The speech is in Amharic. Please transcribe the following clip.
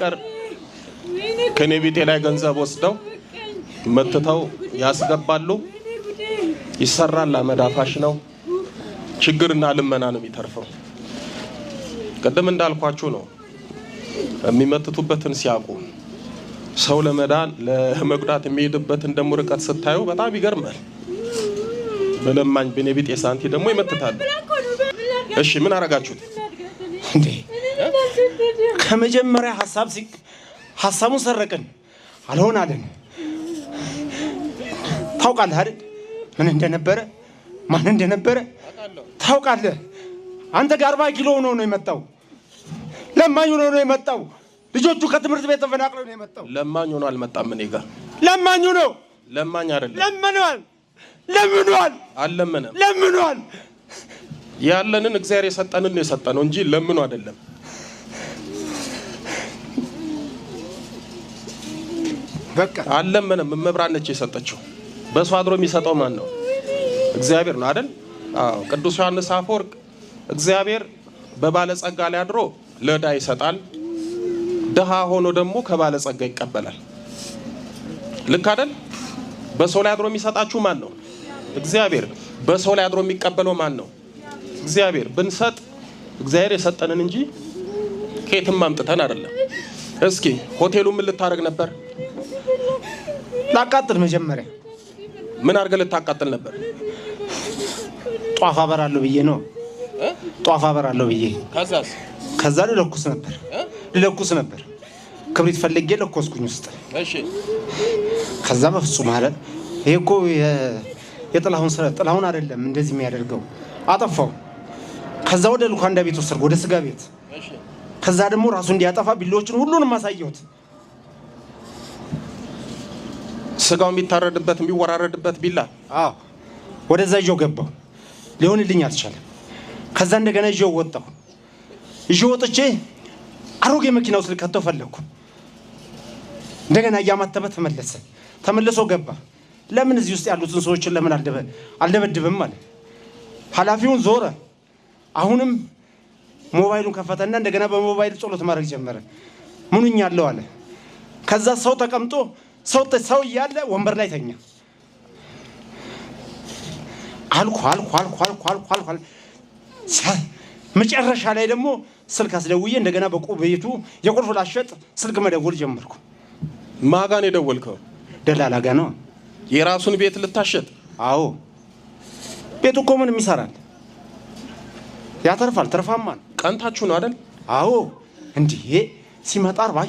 ፍቅር ከኔ ቤቴ ላይ ገንዘብ ወስደው መትተው ያስገባሉ። ይሰራል፣ ለመዳፋሽ ነው። ችግርና ልመና ነው የሚተርፈው። ቅድም እንዳልኳችሁ ነው የሚመትቱበትን ሲያውቁ ሰው ለመዳን ለመጉዳት የሚሄድበትን ደግሞ ርቀት ስታዩ በጣም ይገርማል። በለማኝ በኔ ቢጤ ሳንቲ ደግሞ ይመትታሉ። እሺ ምን አረጋችሁት እንዴ? ከመጀመሪያ ሀሳብ ሀሳቡን ሰረቅን አልሆን አለን። ታውቃለህ አይደል? ምን እንደነበረ ማን እንደነበረ ታውቃለህ። አንተ ጋር አርባ ኪሎ ሆኖ ነው የመጣው። ለማኝ ሆኖ ነው የመጣው። ልጆቹ ከትምህርት ቤት ተፈናቅለው ነው የመጣው። ለማኝ ሆኖ አልመጣም። እኔ ጋር ለማኝ ሆኖ ለማኝ አይደለም። ለምኗል፣ ለምኗል፣ አልለመነም። ለምኗል። ያለንን እግዚአብሔር የሰጠንን ነው የሰጠነው እንጂ ለምኑ አይደለም። አለመነም። እመብራን ነች የሰጠችው። በእሷ አድሮ የሚሰጠው ማን ነው? እግዚአብሔር ነው አይደል? አዎ። ቅዱስ ዮሐንስ አፈወርቅ እግዚአብሔር በባለጸጋ ላይ አድሮ ለዳ ይሰጣል፣ ድሃ ሆኖ ደግሞ ከባለጸጋ ይቀበላል። ልክ አይደል? በሰው ላይ አድሮ የሚሰጣችሁ ማን ነው? እግዚአብሔር። በሰው ላይ አድሮ የሚቀበለው ማን ነው? እግዚአብሔር። ብንሰጥ እግዚአብሔር የሰጠንን እንጂ ከየትም አምጥተን አይደለም። እስኪ ሆቴሉ ምን ልታደርግ ነበር? ላቃጥል መጀመሪያ ምን አድርገህ ልታቃጥል ነበር? ጧፍ አበራለሁ ብዬ ነው። ጧፍ አበራለሁ ብዬ ከዛ ልለኩስ ነበር ልለኩስ ነበር። ክብሪት ፈልጌ ለኮስኩኝ ውስጥ። ከዛ በፍጹም አለ። ይሄ እኮ የጥላሁን ስራ ጥላሁን አይደለም እንደዚህ የሚያደርገው። አጠፋው። ከዛ ወደ ልኳንዳ ቤት ወሰድኩ፣ ወደ ስጋ ቤት። ከዛ ደግሞ ራሱ እንዲያጠፋ ቢላዎችን ሁሉንም አሳየሁት። ስጋው የሚታረድበት የሚወራረድበት ቢላ ወደዛ ይዤው ገባሁ። ሊሆንልኝ አልቻለም። ከዛ እንደገና ይዤው ወጣሁ። ይዤው ወጥቼ አሮጌ መኪና ውስጥ ልከተው ፈለግኩ። እንደገና እያማተበ ተመለሰ። ተመልሶ ገባ። ለምን እዚህ ውስጥ ያሉትን ሰዎችን ለምን አልደበድብም አለ። ኃላፊውን ዞረ። አሁንም ሞባይሉን ከፈተና እንደገና በሞባይል ጸሎት ማድረግ ጀመረ። ምኑኛለሁ አለ። ከዛ ሰው ተቀምጦ ሰው እያለ ወንበር ላይ ተኛ። አልኩ አልኩ አልኩ አልኩ አልኩ አልኩ መጨረሻ ላይ ደግሞ ስልክ አስደውዬ እንደገና በቁ ቤቱ የቁልፍ ላሸጥ ስልክ መደወል ጀመርኩ። ማጋን የደወልከው? ደላላ ጋ ነው። የራሱን ቤት ልታሸጥ? አዎ። ቤቱ እኮ ምንም ይሰራል፣ ያተርፋል፣ ትርፋማ። ቀንታችሁ ነው አይደል? አዎ። እንዲህ ሲመጣ አርባ